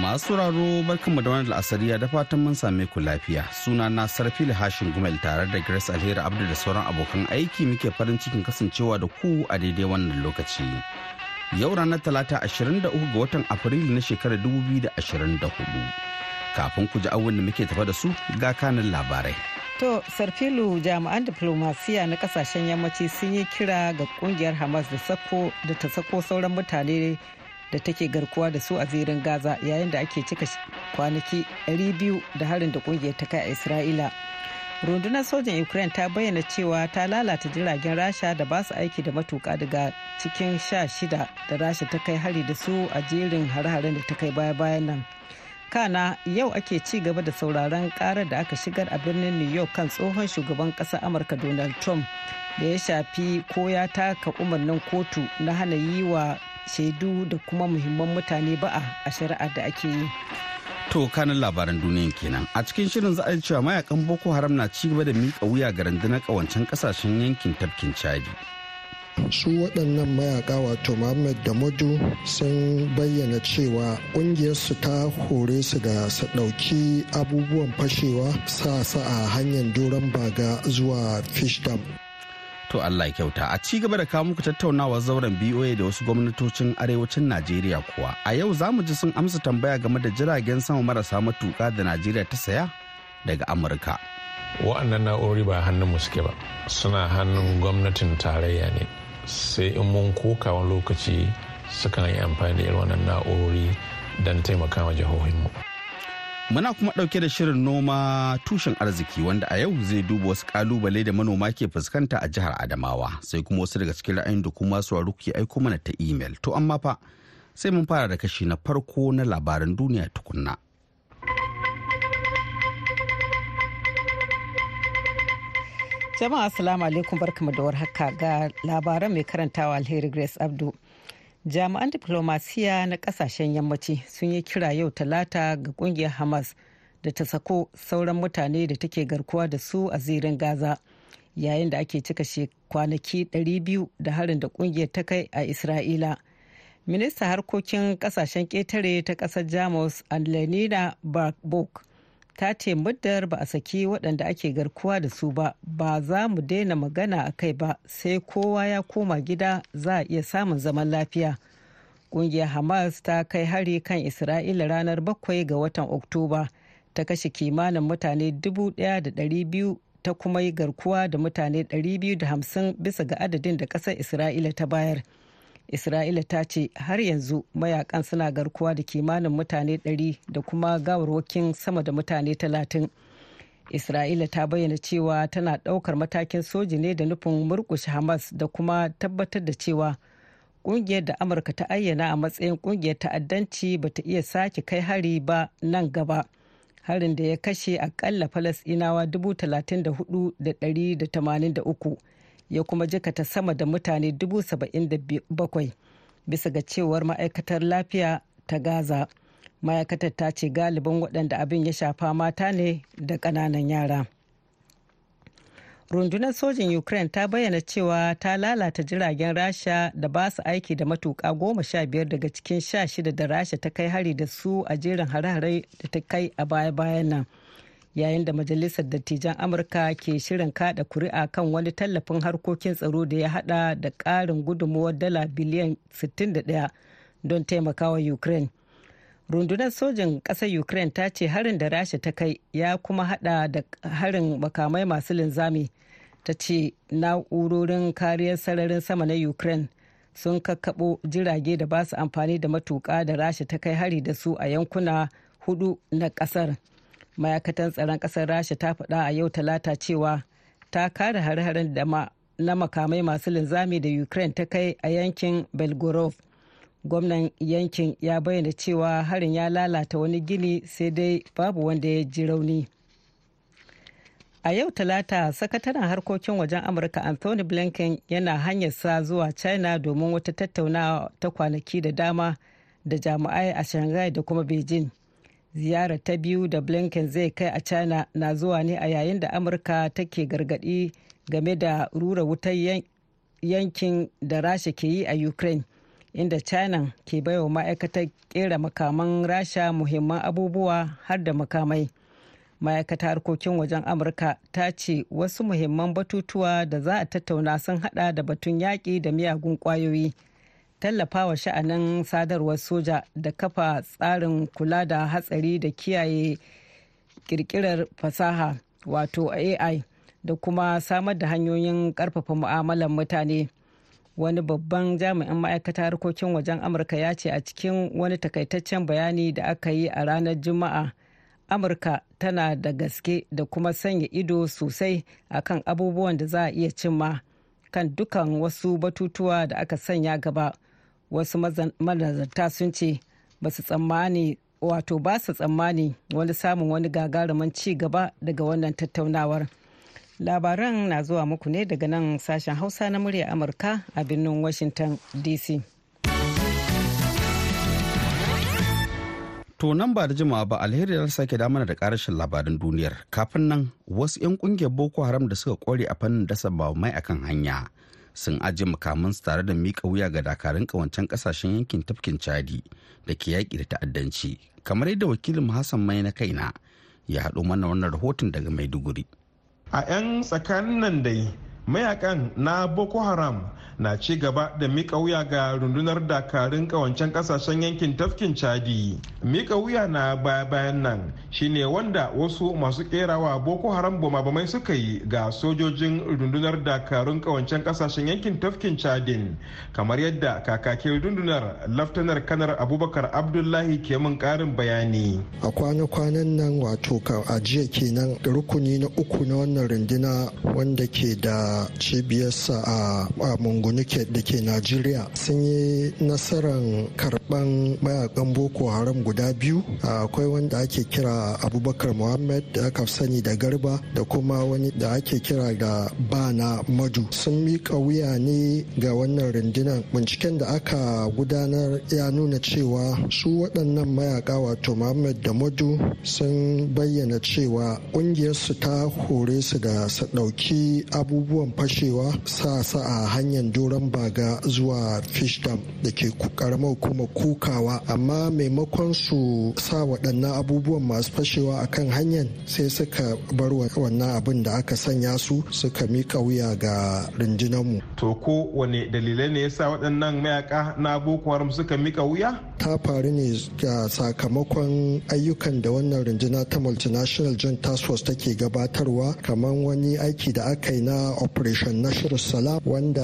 Masu sauraro barkanmu da wani la'asariya da fatan mun same ku lafiya. Suna na Sarfil Hashin Gumel tare da Grace Alheri Abdu da sauran abokan aiki muke farin cikin kasancewa da ku a daidai wannan lokaci. Yau ranar Talata ashirin da uku ga watan Afrilu na shekarar hudu Kafin ku ji awon da muke tafa da su ga kanin labarai. To, Sarfilu jami'an diplomasiya na kasashen yammaci sun yi kira ga kungiyar Hamas da ta sako sauran mutane da take garkuwa da su a zirin gaza yayin da ake cika kwanaki 200 da harin da kungiyar ta kai a isra'ila rundunar sojan ukraine ta bayyana cewa ta lalata jiragen rasha da ba su aiki da matuka daga cikin sha shida da rasha ta kai hari da su a jerin hare-haren da ta kai baya-bayan nan kana yau ake ci gaba da sauraron karar da aka shigar a birnin new york kan tsohon shugaban ƙasar amurka donald trump da ya shafi ko ya taka umarnin kotu na hana yi wa shaidu da kuma muhimman mutane ba a shari'ar da ake yi to kanin labaran duniya kenan a cikin shirin za a cewa mayakan boko haram na ci gaba da miƙa wuya ga rundunar ƙawancen ƙasashen yankin tafkin chadi su waɗannan mayaka wato muhammad da modu sun bayyana cewa ƙungiyarsu ta hore su da su ɗauki abubuwan fashewa sa sa a hanyar doron baga zuwa fish dam. To Allah ya kyauta a ci gaba da kawo muku tattaunawa zauren BOA da wasu gwamnatocin arewacin Najeriya kuwa. A yau za mu ji sun amsa tambaya game da jiragen sama marasa matuka da Najeriya ta saya daga Amurka. Wa'annan na'urori ba hannun mu suke ba, suna hannun gwamnatin tarayya ne. Sai in mun koka wani lokaci sukan yi amfani da irin wannan na'urori don taimaka ma jihohinmu. Muna kuma ɗauke da shirin noma tushen arziki wanda a yau zai duba wasu kalubale da manoma ke fuskanta a jihar Adamawa sai kuma wasu daga cikin ra'ayin da kuma su ke aiko mana ta imel. To amma fa sai mun fara da kashi na farko na labaran duniya tukunna. Jama'a Assalamu alaikum barkamu da warhaka ga labaran mai karantawa Alheri Grace Abdu. jami'an diplomasiya na kasashen yammaci sun yi kira yau talata ga kungiyar hamas da ta sako sauran mutane da take garkuwa da su a zirin gaza yayin da ake cika kwanaki 200 da harin da kungiyar ta kai a isra'ila minista harkokin kasashen ketare ta kasar jamus anlenina barbok ta ce muddar ba a saki waɗanda ake garkuwa da su ba ba za mu daina magana a kai ba sai kowa ya koma gida za a iya samun zaman lafiya ƙungiyar hamas ta kai hari kan isra'ila ranar bakwai ga watan oktoba ta kashe kimanin mutane 1,200 ta kuma yi garkuwa da mutane 250 bisa ga adadin da ƙasar isra'ila ta bayar. isra'ila ta ce har yanzu mayakan suna garkuwa da kimanin mutane 100 da kuma gawarwakin sama da mutane 30 isra'ila ta bayyana cewa tana daukar matakin soji ne da nufin murkushe hamas da kuma tabbatar da cewa kungiyar da amurka ta ayyana a matsayin kungiyar ta'addanci ba ta iya sake kai hari ba nan gaba harin da ya kashe akalla falasɗinawa 34,183 ya kuma jikata sama da mutane 77,000 bisa ga cewar ma'aikatar lafiya ta gaza ma'aikatar ta ce galibin waɗanda abin ya shafa mata ne da ƙananan yara rundunar sojin ukraine ta bayyana cewa ta lalata jiragen rasha da ba su aiki da matuƙa goma sha biyar daga cikin sha shida da rasha ta kai hari da su a jerin hare-hare da ta kai a baya-bayan nan yayin da majalisar dattijan amurka ke shirin kada kuri'a kan wani tallafin harkokin tsaro da ya hada da karin gudunmuwar dala biliyan 61 don taimakawa ukraine rundunar sojin ƙasar ukraine ta ce harin da rasha ta kai ya kuma hada da harin makamai masu linzami ta ce na'urorin kariyar sararin sama na ukraine sun kakkabo jirage da ba su amfani da matuƙa da rasha ta kai hari da su a yankuna hudu na ƙasar ma'aikatan tsaron ƙasar rasha ta faɗa a yau talata cewa ta kare hare-haren na makamai masu linzami da ukraine ta kai a yankin belgorov gwamnan yankin ya bayyana cewa harin ya lalata wani gini sai dai babu wanda ya ji rauni a yau talata sakataren harkokin wajen amurka anthony blinken yana hanyarsa zuwa china domin wata tattaunawa ta kwanaki da dama da jami'ai a shanghai da kuma beijing ziyara ta biyu da blinken zai kai a china na zuwa ne a yayin da amurka take gargadi game da rura wutar yankin da rasha ke yi a ukraine inda china ke baiwa ma'aikatar kera makaman rasha muhimman abubuwa har da makamai ma'aikata harkokin wajen amurka ta ce wasu muhimman batutuwa da za a tattauna sun hada da batun yaƙi da miyagun ƙwayoyi tallafawa sha'anin sadarwar soja da kafa tsarin kula da hatsari da kiyaye kirkirar fasaha wato ai da kuma samar da hanyoyin karfafa mu'amalar mutane wani babban jami'in ma'aikata harkokin wajen amurka ya ce a cikin wani takaitaccen bayani da aka yi a ranar juma'a amurka tana da gaske da kuma sanya ido sosai a kan abubuwan da za a iya cimma kan dukan wasu batutuwa da aka sanya gaba wasu manazarta sun ce ba su tsammani wato ba su tsammani wani samun wani gagarumin ci gaba daga wannan tattaunawar labaran na zuwa muku ne daga nan sashen hausa na murya amurka a birnin washington dc To nan ba da jimawa ba alheri ya sake mana da karashin labarin duniyar. Kafin nan wasu 'yan kungiyar Boko Haram da suka kware a fannin dasa ba mai akan hanya sun ajiye makamansu tare da mika wuya ga dakarun ƙawancen ƙasashen yankin tafkin chadi da ke yaƙi da ta'addanci kamar yadda wakilin hassan mai na kaina ya haɗo mana wannan rahoton daga maiduguri a 'yan tsakanin nan dai mayakan na boko haram na ci gaba da mika wuya ga rundunar dakarun kawancen kasashen yankin tafkin chadi mika wuya na baya bayan nan shine wanda wasu masu kerawa boko haram bama-bamai suka yi ga sojojin rundunar dakarun kawancen kasashen yankin tafkin chadin kamar yadda kakakin rundunar laftanar kanar abubakar abdullahi ke mun karin bayani a kwana-kwanan nan wato a jiya kenan rukuni na uku na wannan runduna wanda ke da cibiyar cibiyarsa a mungunu da ke najeriya sun yi nasarar karban mayakan boko haram guda biyu akwai wanda ake kira abubakar muhammad da aka sani da garba da kuma wani da ake kira da bana madu sun miƙa wuya ne ga wannan rundunar binciken da aka gudanar ya nuna cewa su waɗannan mayaka wato muhammad da madu sun bayyana cewa ƙungiyarsu ta hore su da su ɗauki abubuwa yawan fashewa sa sa a hanyar doron baga zuwa fish dam da ke karamar kuma kukawa amma maimakon su sa waɗannan abubuwan masu fashewa a kan hanyar sai suka bar wannan abin da aka sanya su suka mika wuya ga mu. to ko wane dalilai ne yasa waɗannan mayaka na boko suka mika wuya ta faru ne ga sakamakon ayyukan da wannan rundunar ta multinational joint task force take gabatarwa kamar wani aiki da aka yi na operation National salam wanda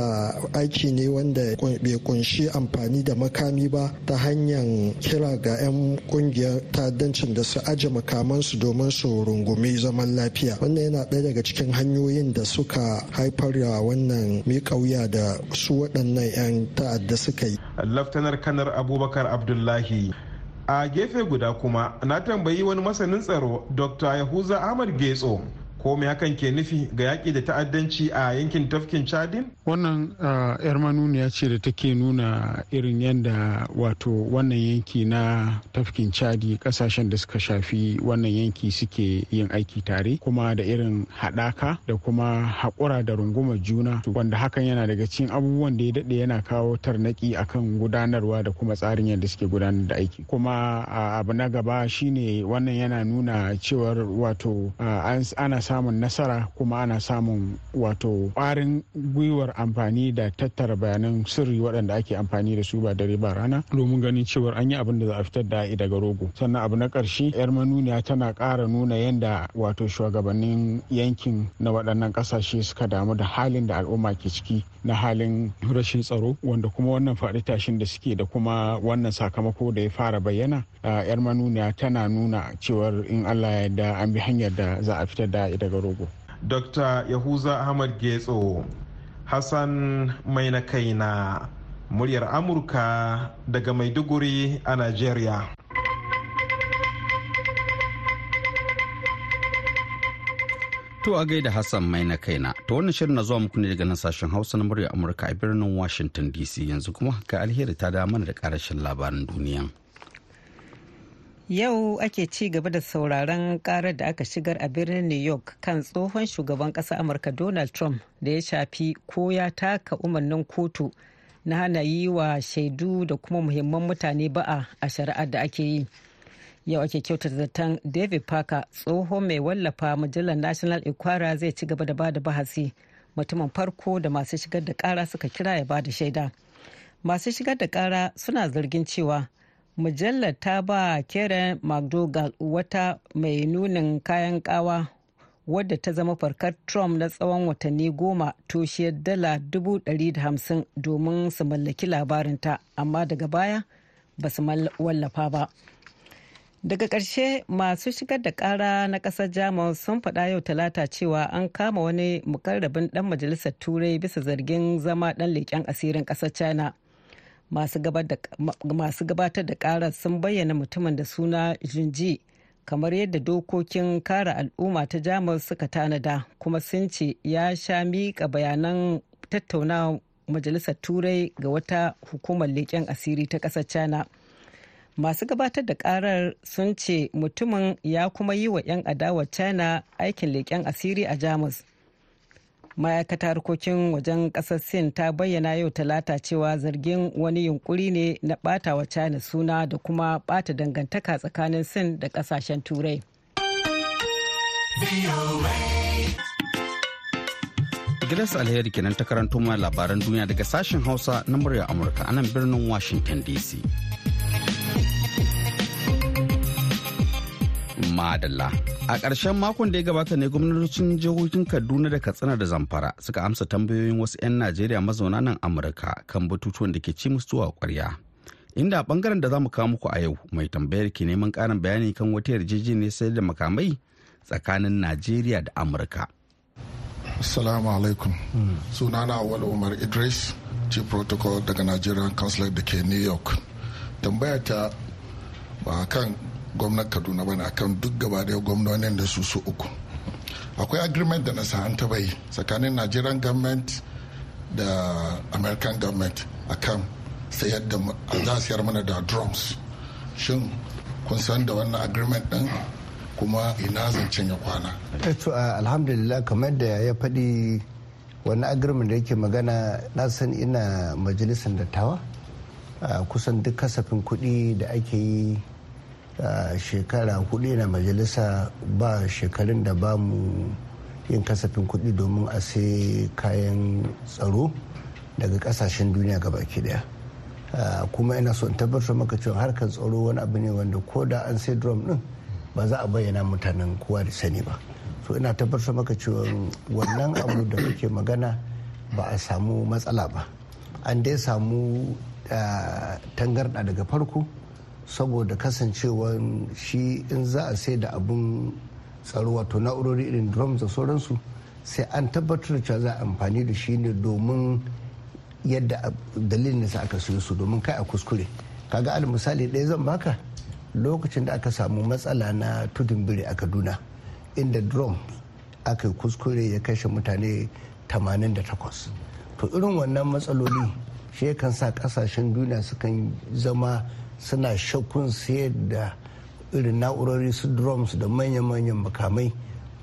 aiki ne wanda bai kunshi amfani da makami ba ta hanyar kira ga 'yan kungiyar ta'addancin da su aje makamansu domin su rungumi zaman lafiya wannan yana ɗaya daga cikin hanyoyin da suka haifar da wannan mai da su waɗannan 'yan ta'adda suka yi laftanar kanar abubakar abdullahi a gefe guda kuma na tambayi wani masanin tsaro dr yahuza ahmad getso ko me hakan ke nufi ga yaƙi da ta'addanci a yankin tafkin chadin wannan yar manuniya ce da take nuna irin yadda wato wannan yanki na tafkin chadi kasashen da suka shafi wannan yanki suke yin aiki tare kuma da irin haɗaka da kuma haƙura da runguma juna wanda hakan yana daga cikin abubuwan da ya daɗe yana kawo tarnaki akan gudanarwa da kuma tsarin yadda suke gudanar da aiki kuma abu na gaba shine wannan yana nuna cewar wato ana sa samun nasara kuma ana samun wato ƙwarin gwiwar amfani da tattara bayanan sirri waɗanda ake amfani da su ba dare ba rana domin ganin cewar an yi abin da za a fitar da daga rogo sannan abu na ƙarshe yar manuniya tana ƙara nuna yadda wato shugabannin yankin na waɗannan ƙasashe suka damu da halin da al'umma ke ciki na halin rashin tsaro wanda kuma wannan faɗi tashin da suke da kuma wannan sakamako da ya fara bayyana yar manuniya tana nuna cewar in allah ya yarda an bi hanyar da za a fitar da daga rogo dr yahuza ahmad getso hassan mai na kaina muryar amurka daga maiduguri a najeriya To a gaida Hassan mai na kaina, ta wannan shirin na zuwa muku ne daga nan sashen Hausa na muryar Amurka a birnin Washington DC yanzu kuma ga alheri ta da mana da karashin labaran duniya. Yau ake ci gaba da sauraron karar da aka shigar a birnin New York kan tsohon shugaban ƙasa Amurka Donald Trump da ya shafi ko ya taka umarnin kotu na hana yi wa shaidu da kuma muhimman mutane ba'a a shari'ar da ake yi. Yau ake kyautata zaton David Parker tsohon mai wallafa mujallar National Inquirer zai ci gaba da ba da bahasi mutumin farko da masu shigar da kara suka kira ya ba da shaida. Masu shigar da kara suna zargin cewa mujallar ta ba karen mcdougal wata mai nunin kayan kawa wadda ta zama farkar trump na tsawon watanni goma toshiyar dala 150 domin su mallaki labarinta amma daga baya ba su wallafa ba daga ƙarshe masu shigar da ƙara na ƙasar jamus sun faɗa yau talata cewa an kama wani mukarrabin ɗan majalisar turai bisa zargin zama ɗan leƙen asirin ƙasar china masu gabatar da karar sun bayyana mutumin da suna jinji kamar yadda dokokin kare al'umma ta jamus suka tanada kuma sun ce ya sha miƙa bayanan tattauna majalisar turai ga wata hukumar leƙen asiri ta ƙasar china masu gabatar da karar sun ce mutumin ya kuma yi wa 'yan adawar china aikin leƙen asiri a jamus ma'aikata harkokin wajen kasar sin ta bayyana yau talata cewa zargin wani yunkuri ne na bata wa china suna da kuma bata dangantaka tsakanin sin da kasashen turai su Alheri kenan ta karanto mana labaran duniya daga sashen Hausa na murya Amurka a nan birnin Washington DC. Madalla. A ƙarshen makon da ya gabata ne gwamnatocin jihohin Kaduna da Katsina da Zamfara suka amsa tambayoyin wasu 'yan Najeriya mazauna nan Amurka kan batutuwan da ke ci musu zuwa ƙwarya. Inda bangaren da za mu kawo muku a yau mai tambayar ke neman ƙarin bayani kan wata yarjejeniyar sayar da makamai tsakanin Najeriya da Amurka. Assalamu alaikum. Sunana Awal Umar Idris, Chief Protocol daga Nigerian Consulate da ke New York. Tambaya ta ba kan gwamnan kaduna bane akan duk gaba daya gwamnonin da su su uku akwai agreement da na an taba yi tsakanin nigerian government da american government akan sayar da za a sayar mana da drums shin kun san da wannan agreement din kuma ina zan ya kwana eh, to ah, alhamdulillah kamar da ya faɗi wani agreement da yake magana na san ina majalisar dattawa ah, kusan duk kasafin kuɗi da ake yi shekara kudi na majalisa ba shekarun da ba mu yin kasafin kuɗi domin a sai kayan tsaro daga kasashen duniya gaba ke daya kuma ina so in tabbatar maka cewa harkar tsaro wani abu ne wanda ko da an sai drum din ba za a bayyana mutanen kowa da sani ba so ina tabbatar maka cewa wannan abu da kake magana ba a samu matsala ba an dai samu tangarɗa daga farko saboda kasancewa shi in za a sai da abun tsaro wato na'urori irin drums da sauransu sai an tabbatar da cewa za a amfani da shi ne domin yadda dalilin da aka siyo su domin kai a kuskure kaga al misali ɗaya zan baka lokacin da aka samu matsala na tudun biri a kaduna inda drum aka kuskure ya kashe mutane 88 to irin wannan matsaloli shi kan sa kasashen duniya sukan zama suna shakkun sayar da irin na'urori su drums da manya-manyan makamai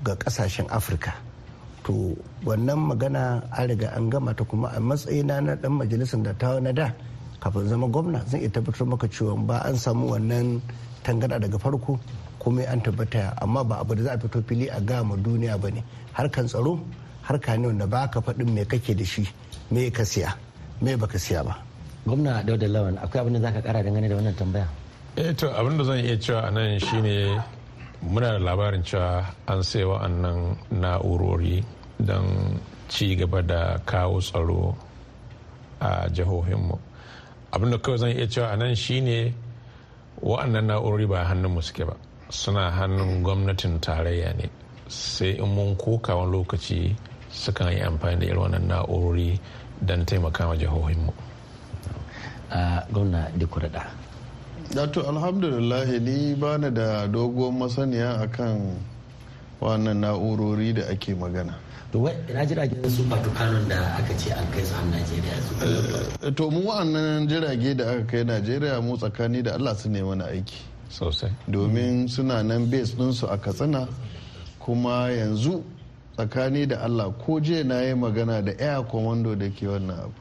ga kasashen afirka to wannan magana an riga an gama ta kuma a matsayina na dan majalisar da ta na da kafin zama gwamna zan iya tabbatar maka cewa ba an samu wannan tangana daga farko kuma an tabbata amma ba abu da za a fito fili a gama duniya ba ne harkan tsaro harka ne wanda ba ka faɗin me kake da shi me ka siya me baka siya ba gwamna dauda lawan akwai abin da za ka kara dangane da wannan tambaya eh to abin da zan iya cewa a nan shine muna da labarin cewa an sai wa'annan na'urori don ci gaba da kawo tsaro a jihohinmu abin da kawai zan iya cewa a nan shine wa'annan na'urori ba hannun mu suke ba suna hannun gwamnatin tarayya ne sai in mun koka wani lokaci sukan yi amfani da irin wannan na'urori don taimaka ma jihohinmu a gwamna dikurada to alhamdulillah ni bani da doguwar masaniya akan wannan na'urori da ake magana na jirage su fatukanun da aka ce an kai su najeriya eh, to mu wa'annan jirage da aka kai najeriya mu tsakani da allah su ne mana aiki sosai domin suna nan base su a katsina kuma yanzu tsakani da allah ko je na yi magana da air commando da ke wannan abu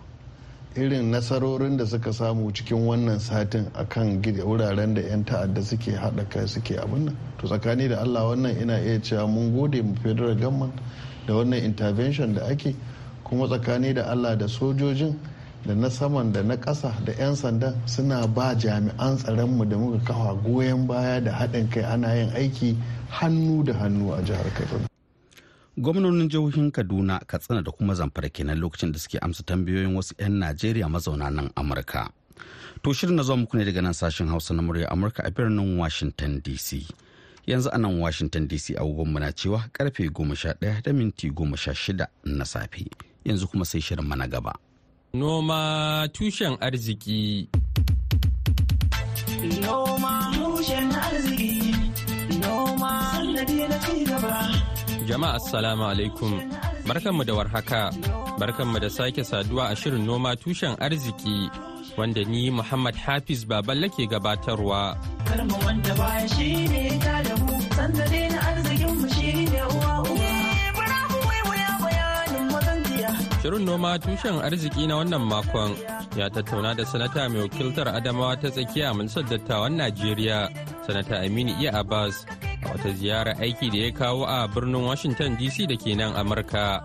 irin nasarorin da suka samu cikin wannan satin a kan wuraren da 'yan ta'adda suke haɗa kai suke abin nan to tsakani da allah wannan ina iya cewa mun gode mu federal government da wannan intervention da ake kuma tsakani da allah da sojojin da na saman da na ƙasa da 'yan sanda suna ba jami'an tsaronmu da muka kafa goyon baya da haɗin kai ana yin aiki hannu da hannu a jihar kaduna gwamnonin jihohin kaduna katsina da kuma zamfara kenan lokacin da suke amsa tambayoyin wasu 'yan najeriya mazauna nan amurka to shirin na zuwa muku ne daga nan sashen hausa na murya amurka a birnin washington dc yanzu a nan washington dc abubuwan muna cewa karfe 11 da minti 16 na safe yanzu kuma sai shirin mana gaba noma tushen arziki noma tushen arziki noma na ci gaba Jama'a assalamu alaikum. Barkanmu da warhaka. Barkanmu da sake saduwa a shirin noma tushen arziki wanda ni Muhammad Hafiz baban lake gabatarwa. Shirin noma tushen arziki na wannan makon ya tattauna da sanata mai wakiltar Adamawa ta tsakiya Majalisar Dattawan Najeriya, sanata Aminu Iya e. Abbas wata ziyarar aiki da ya kawo a birnin Washington DC da ke nan Amurka.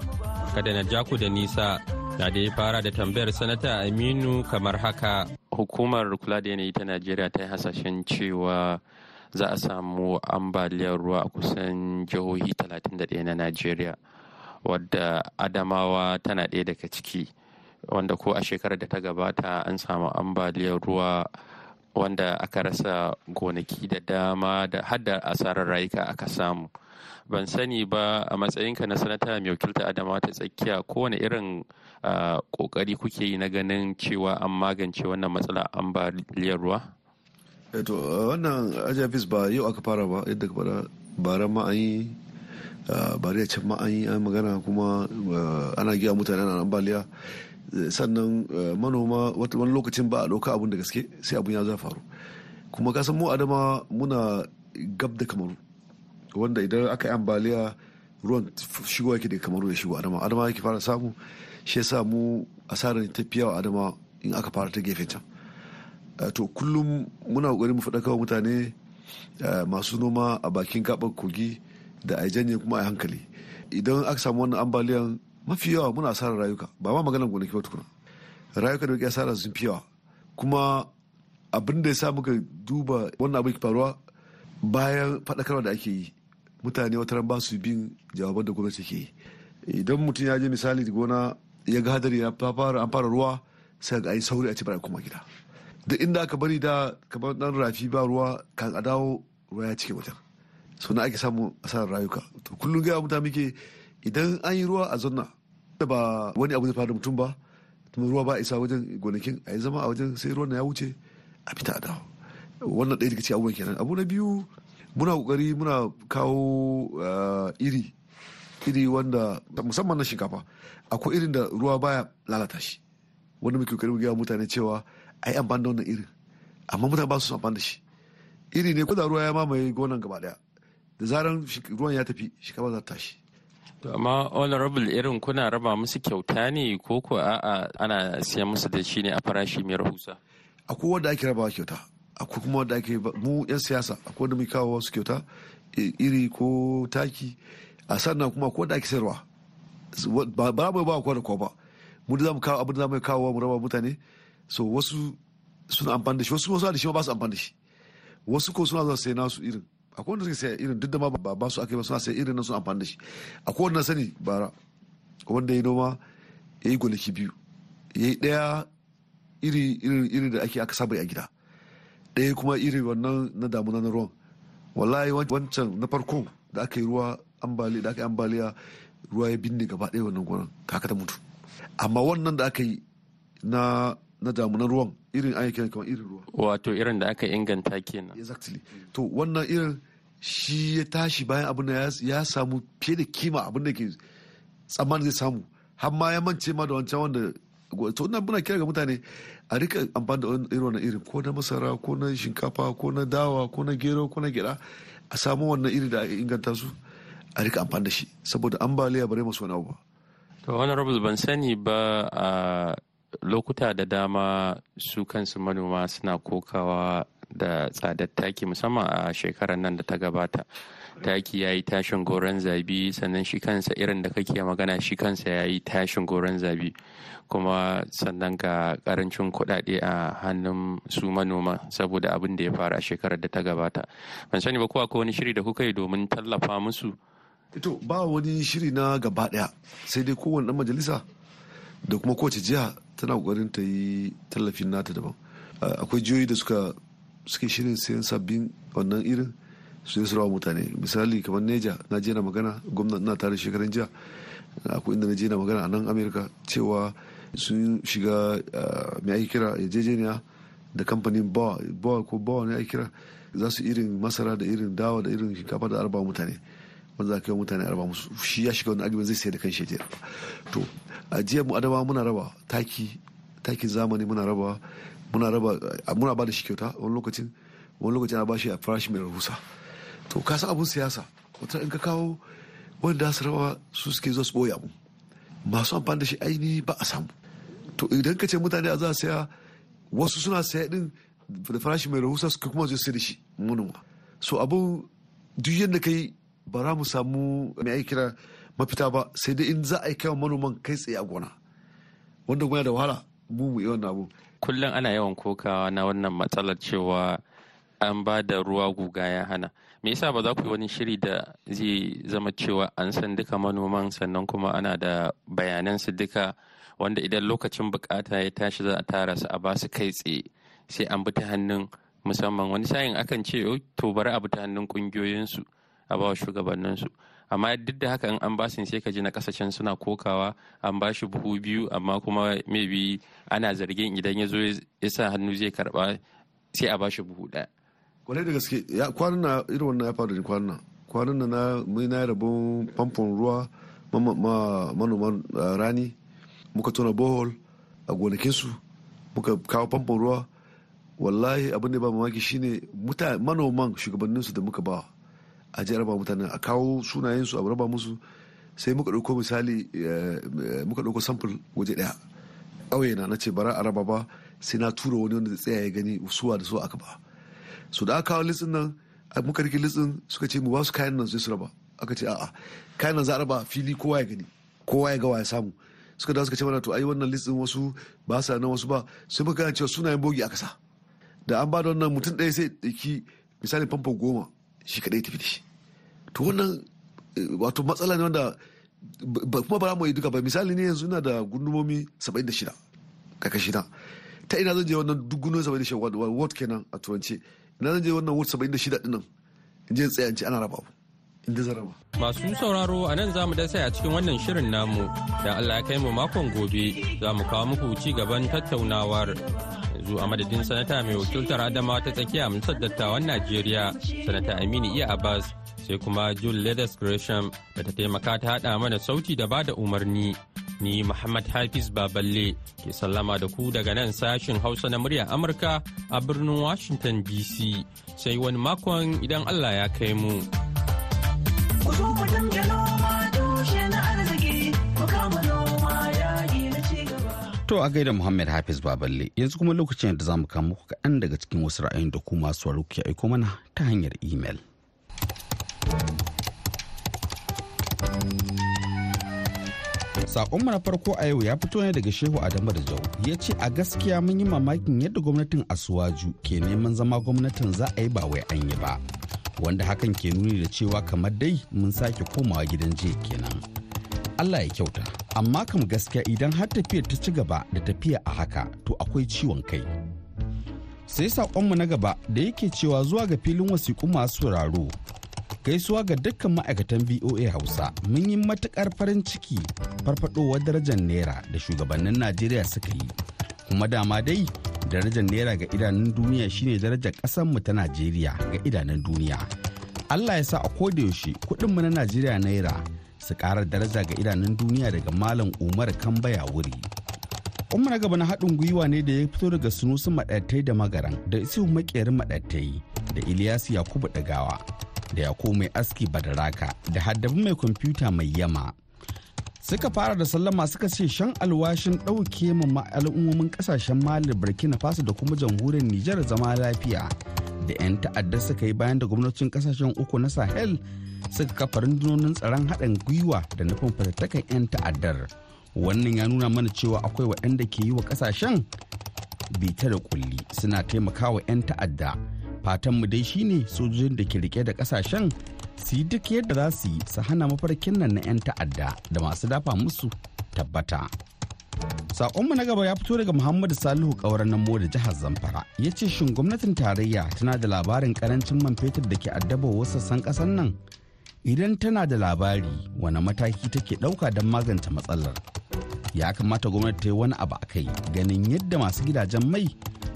Kada na ja da nisa, na da ya fara da tambayar sanata Aminu kamar haka. Hukumar kula da yanayi ta Najeriya ta yi hasashen cewa za a samu ambaliyar ruwa a kusan jihohi 31 na Najeriya, wadda Adamawa tana ɗaya daga ciki, wanda ko a shekarar da ta gabata an samu ambaliyar ruwa. wanda aka rasa gonaki da dama da hada asarar rayuka aka samu ban sani ba a matsayinka na sanata mai wakilta adama ta tsakiya kowane irin kokari kuke yi na ganin cewa an magance wannan matsala ambaliyar ruwa eto eh, wannan ajafis ba yau aka fara ba yadda ka fara bara ma'ayi bari can ma an magana kuma ana giya mutane na ambaliya sannan eh, manoma wani lokacin ba a ɗauka abun da gaske sai abun ya za faru kuma kasan mu adama muna gab da kamaru wanda idan aka yi ambaliya ruwan shigo yake daga kamaru ya shigo adama adama yake fara samu shi yasa mu asarar tafiya wa adama in aka fara ta gefe can eh, to kullum muna kokari mu faɗa kawo mutane eh, masu noma a bakin gaɓar kogi da a janye kuma a hankali idan aka samu wannan ambaliyan mafi yawa muna asarar rayuka ba ma maganar gonaki ba tukuna rayuka da muke asara sun fi yawa kuma abin da ya sa muka duba wannan abin faruwa bayan faɗakarwa da ake yi mutane wata ran ba su bin jawaban da gwamnati ke yi idan mutum ya je misali gona ya ga hadari ya fara an fara ruwa sai ga yi sauri a ci bari kuma gida da inda aka bari da kamar dan rafi ba ruwa kan a dawo ruwa ya cike wajen so na ake samu asarar rayuka to kullum gaya mutane muke idan an yi ruwa a zonna da ba wani abu zai faru da mutum ba ruwa ba isa wajen gonakin a yi zama a wajen sai ruwan ya wuce a fita a dawo wannan ɗaya daga cikin abubuwan kenan abu na biyu muna kokari muna kawo eh, iri iri wanda musamman na shinkafa akwai irin da ruwa baya lalata shi wanda muke kokari gaya mutane cewa a yi amfani da wannan irin amma mutane ba su amfani da shi iri ne ko da ruwa ya mamaye gonan gaba daya da zaran ruwan ya tafi shinkafa za ta tashi To amma honorable irin kuna raba musu kyauta ne ko ko a'a ana siya musu da shi ne a farashi mai rahusa? Akwai wanda ake rabawa kyauta, akwai kuma wanda ake mu 'yan siyasa akwai wanda muke kawo wasu kyauta iri ko taki a sannan kuma akwai wanda ake sayarwa. Ba mu ba ko da ko ba. Mu da zamu kawo abin da zamu kawo mu raba mutane so wasu suna amfani da shi wasu suna da shi ba su amfani da shi. Wasu ko suna zuwa sai nasu irin. akwai wanda suke saya irin duk da ma ba su ake ba suna saya irin nan sun amfani da shi akwai wanda sani bara wanda ya noma ya yi gonaki biyu ya yi ɗaya iri iri da ake aka saba a gida ɗaya kuma iri wannan na damuna na ruwan wallahi wancan na farko da aka yi ruwa ambali da aka yi ambaliya ruwa ya binne gaba ɗaya wannan gonan kaka ta mutu amma wannan da aka yi na na damunan ruwan irin ayyukan kamar irin ruwa wato irin da aka inganta kenan exactly to wannan irin shi ya tashi bayan abin da ya samu fiye da kima abin da ke tsammanin zai samu har ma ya mance ma da wancan wanda to ina buna kira ga mutane a rika amfani da irin wannan irin ko na masara ko na shinkafa ko na dawa ko na gero ko na gyada a samu wannan iri da inganta su a rika amfani da shi saboda ambaliya bare masu wani abu to wani rabu ban sani ba a lokuta da dama su kansu manoma suna kokawa da tsadar taki musamman a shekarar nan da ta gabata taki ya yi tashin goron zabi sannan shi kansa irin da kake magana shi kansa ya yi tashin goron zabi kuma sannan ga karancin kuɗaɗe a hannun su manoma saboda abin da ya fara a shekarar da ta gabata ban sani ba ko wani shiri da kuka yi domin tallafa musu to ba wani shiri na gaba ɗaya sai dai kowane ɗan majalisa da kuma kowace jiha tana ƙoƙarin ta yi tallafin nata daban akwai jihohi da suka suke shirin sayan sabbin wannan irin su su wa mutane misali kamar neja na je na magana gwamnati na tare shekarun jiya akwai inda na je na magana a nan amerika cewa sun shiga mai ake kira yarjejeniya da kamfanin bawa ko bawa ne ake kira za su irin masara da irin dawa da irin shinkafa da arba mutane wanda za ka yi mutane arba musu shi ya shiga wani agibin zai sayar da kan shekara to a jiya mu adama muna raba taki takin zamani muna raba muna raba muna ba da shi kyauta wani lokacin wani lokacin ana ba shi a farashi mai rahusa to ka san abun siyasa wata in ka kawo wanda su raba su suke zuwa su boya mu masu amfani da shi aini ba a samu to idan ka ce mutane a za a saya wasu suna saya din da farashi mai rahusa suka kuma zai sai da shi manoma so abun duk yadda kai ba za mu samu mai aiki kira mafita ba sai dai in za a yi kai manoman kai tsaye a gona wanda kuma da wahala mu mu yi wannan abu kullum ana yawan kokawa na wannan matsalar cewa an ba da ruwa guga ya hana me yasa ba za ku yi wani shiri da zai zama cewa an san duka manoman sannan kuma ana da bayanan su duka wanda idan lokacin bukata ya tashi za a tara su a ba su kai tsaye sai an bi ta hannun musamman wani sayin akan ce oh, to bari a bi ta hannun kungiyoyinsu a ba shugabanninsu amma duk da haka in an basin sai ka ji na kasashen suna kokawa an bashi buhu biyu amma kuma maybe ana zargin idan ya zo ya sa hannu zai karba sai a bashi buhu ɗaya. kwarai da gaske ya kwanan na irin wannan ya faru da kwanan kwanan na na mai na rabon famfon ruwa manoman rani muka tona bohol a gonakinsu muka kawo famfon ruwa wallahi abin da ba mamaki shine manoman shugabanninsu da muka ba. a ji raba mutane a kawo sunayensu a raba musu sai muka ɗauko misali eh, muka ɗauko samfur waje ɗaya ƙauye na ce bara a raba ba sai na tura wani wanda tsaya ya gani suwa da suwa aka ba su da aka kawo litsin nan muka rike litsin suka ce mu ba su kayan nan sai su raba aka ce a'a kayan nan za a raba fili kowa ya gani kowa ya ga ya samu suka da suka ce mana to ai wannan litsin wasu ba sa nan wasu ba sai muka gane cewa sunayen bogi aka sa da an ba da wannan mutum ɗaya sai ɗauki misali famfo goma shi kadai tafi da shi to wannan eh, wato matsala ne wanda ba kuma ba mu yi duka ba misali ne yanzu ina da gundumomi 76 kakashi na ta ina zan je wannan duk gundumomi 76 wato kenan a turanci ina zan je wannan ward 76 dinnan in je tsaya in ce ana raba inda zan raba masu sauraro a nan za mu dasa a cikin wannan shirin namu da Allah ya kai mu makon gobe za mu kawo muku ci gaban tattaunawar yanzu a madadin sanata mai wakiltar adamawa ta tsakiya amsar dattawan najeriya sanata aminu iya e. abbas sai kuma jule ledes gresham da ta taimaka ta haɗa mana sauti da bada umarni ni muhammad hafiz baballe ke sallama da ku daga nan sashin hausa na murya amurka a birnin washington dc sai wani makon idan allah ya kai mu. To a gaida Muhammad Hafiz Baballe yanzu kuma lokacin da za mu kawo muku kaɗan daga cikin wasu ra'ayin da kuma masu waro ke aiko mana ta hanyar imel. Sakonmu na farko a yau ya fito ne daga Shehu Adamu da Jau ya ce a gaskiya mun yi mamakin yadda gwamnatin Asuwaju ke neman zama gwamnatin za a yi ba wai an yi ba. Wanda hakan ke nuni da cewa kamar dai mun sake komawa gidan jiya kenan. Allah ya kyauta amma kam gaskiya idan har tafiyar ta ci gaba da tafiya a haka to akwai ciwon kai sai saƙonmu na gaba da yake cewa zuwa ga filin wasiƙu masu raro. gaisuwa ga dukkan ma'aikatan voa hausa mun yi matukar farin ciki farfadowar darajar naira da shugabannin najeriya suka yi kuma dama dai darajar naira ga idanun duniya shine darajar mu ta najeriya ga idanun duniya allah ya sa a kodayaushe kuɗinmu na najeriya naira su karar daraja ga idanun duniya daga malam umar kambaya wuri umar gaba na haɗin gwiwa ne da ya fito daga sunusun maɗattai da magaran da isu maƙerin maɗattai da ilyasu yakubu ɗagawa da yakubu mai aski badaraka da haddabi mai kwamfuta mai yama suka fara da sallama suka ce shan alwashin ɗauke ma al'ummomin ƙasashen malin burkina faso da kuma jamhuriyar nijar zama lafiya da 'yan ta'adda suka yi bayan da gwamnatocin kasashen uku na sahel suka kafa rundunonin tsaron haɗin gwiwa da nufin fatattakan 'yan ta'addar wannan ya nuna mana cewa akwai waɗanda ke yi wa kasashen bita da kulli suna taimakawa 'yan ta'adda fatan mu dai shine sojojin da ke rike da kasashen su yi duk yadda za su yi su hana mafarkin nan na 'yan ta'adda da masu dafa musu tabbata. Sakonmu na gaba ya fito daga Muhammadu Salihu ƙauren Namo da jihar Zamfara. Ya ce shin gwamnatin tarayya tana da labarin karancin man fetur da ke addaba wasu sassan ƙasar nan? Idan tana da labari wani mataki take ɗauka don magance matsalar. Ya kamata gwamnati ta yi wani abu a kai ganin yadda masu gidajen mai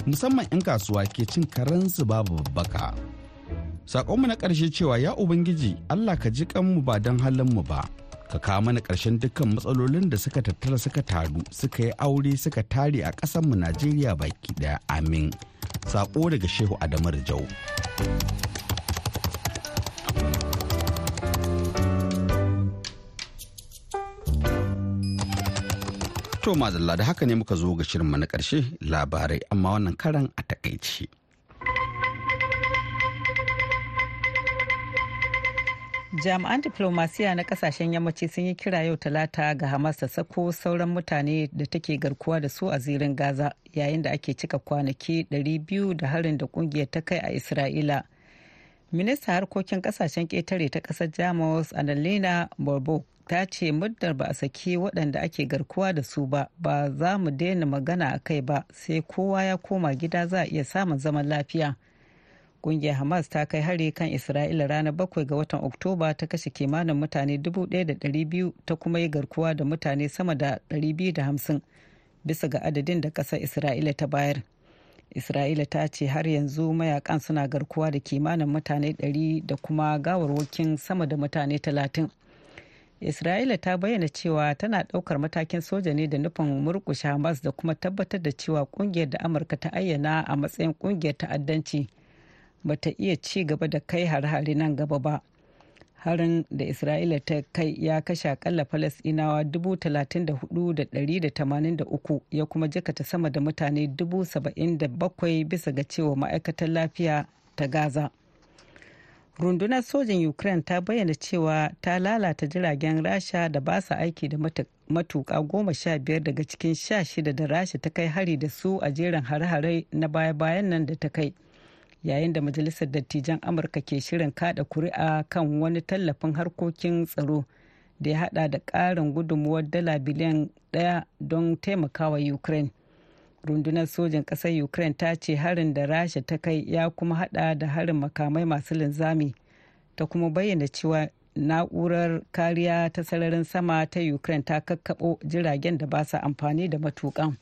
musamman 'yan kasuwa ke cin karansu babu babbaka. Sakonmu na ƙarshe cewa ya Ubangiji Allah ka ji kanmu ba don halinmu ba. ka kawo mana ƙarshen dukkan matsalolin da suka tattara suka taru suka yi aure suka tare a ƙasanmu najeriya baki ɗaya amin sako daga shehu adamar jau to mazalla da haka ne muka zo ga shirinmu na ƙarshe labarai amma wannan karan a takaice jami'an diplomasiya na kasashen yammaci sun yi kira yau talata ga hamas ta sako sauran mutane da take garkuwa da su a zirin gaza yayin da ake cika kwanaki 200 da harin da kungiyar ta kai a isra'ila minista harkokin kasashen ketare ta ƙasar jamus annalena borbo ta ce muddar ba a saki waɗanda ake garkuwa da su ba ba za mu daina magana a kai ba sai kowa ya koma gida za a iya samun zaman lafiya. Ƙungiyar hamas ta kai hari kan isra'ila ranar bakwai ga watan oktoba ta kashe kimanin mutane 1,200 ta kuma yi garkuwa da mutane sama da 250 bisa ga adadin da ƙasar isra'ila ta bayar isra'ila ta ce har yanzu mayakan suna garkuwa da kimanin mutane 100 da kuma gawarwakin sama da mutane 30 isra'ila ta bayyana cewa tana ɗaukar matakin soja ne da nufin murkushe hamas da kuma tabbatar da cewa ƙungiyar da amurka ta ayyana a matsayin ƙungiyar ta'addanci. ba ta iya ci gaba da kai har-hare nan gaba ba harin da isra'ila ta kai ya kashe akalla falasinawa 34,183 ya kuma jikata sama da mutane 77,000 bisa ga cewa ma'aikatar lafiya ta gaza rundunar sojin ukraine ta bayyana cewa ta lalata jiragen rasha da ba su aiki da matuka goma sha biyar daga cikin sha shida da rasha ta kai hari da su a jerin hare-hare na baya-bayan nan da ta kai yayin da majalisar dattijan amurka ke shirin kada kuri'a kan wani tallafin harkokin tsaro da ya hada da karin gudunmuwar dala biliyan daya don taimakawa ukraine rundunar sojin ƙasar ukraine ta ce harin da rasha ta kai ya kuma hada da harin makamai masu linzami ta kuma bayyana cewa na'urar kariya ta sararin sama ta ukraine ta kakkabo jiragen da ba sa amfani da matukan.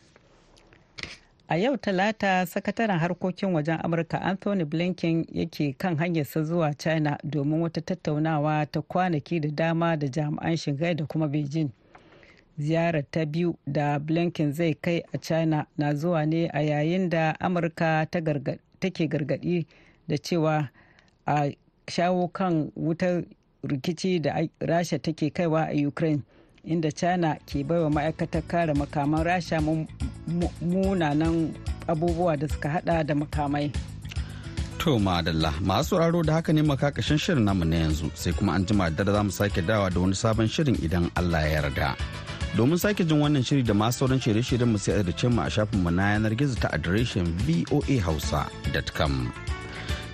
a yau talata sakataren harkokin wajen amurka anthony blinken yake kan hanyarsa zuwa china domin wata tattaunawa ta kwanaki da dama da jami'an shanghai da kuma beijing ziyarar ta biyu da blinken zai kai a china na zuwa ne a yayin da amurka take gargadi da cewa a shawo kan wutar rikici da rasha take kaiwa a ukraine inda china ke baiwa ma'aikatar kare makaman rasha munanan abubuwa da suka hada da makamai to madalla masu sauraro da haka ne makakashin shirin namu na yanzu sai kuma an jima da za mu sake dawa da wani sabon shirin idan allah ya yarda domin sake jin wannan shiri da masu sauran shirye shirin mu sai a mu a shafinmu na yanar gizo ta adireshin hausa.com.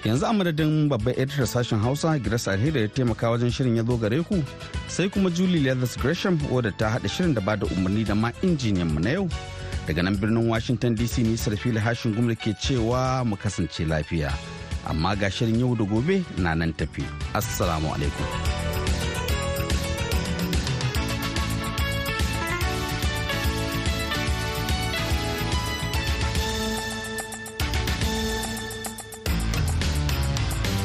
yanzu a madadin babban editor sashen hausa grace alheri ya taimaka wajen shirin ya zo gare ku sai kuma julie leathers gresham wadda ta haɗa shirin da ba da umarni da ma injiniyan mu na yau daga nan birnin washington dc ni sarfili hashin gumri ke cewa mu kasance lafiya amma ga shirin yau da gobe na nan tafi assalamu alaikum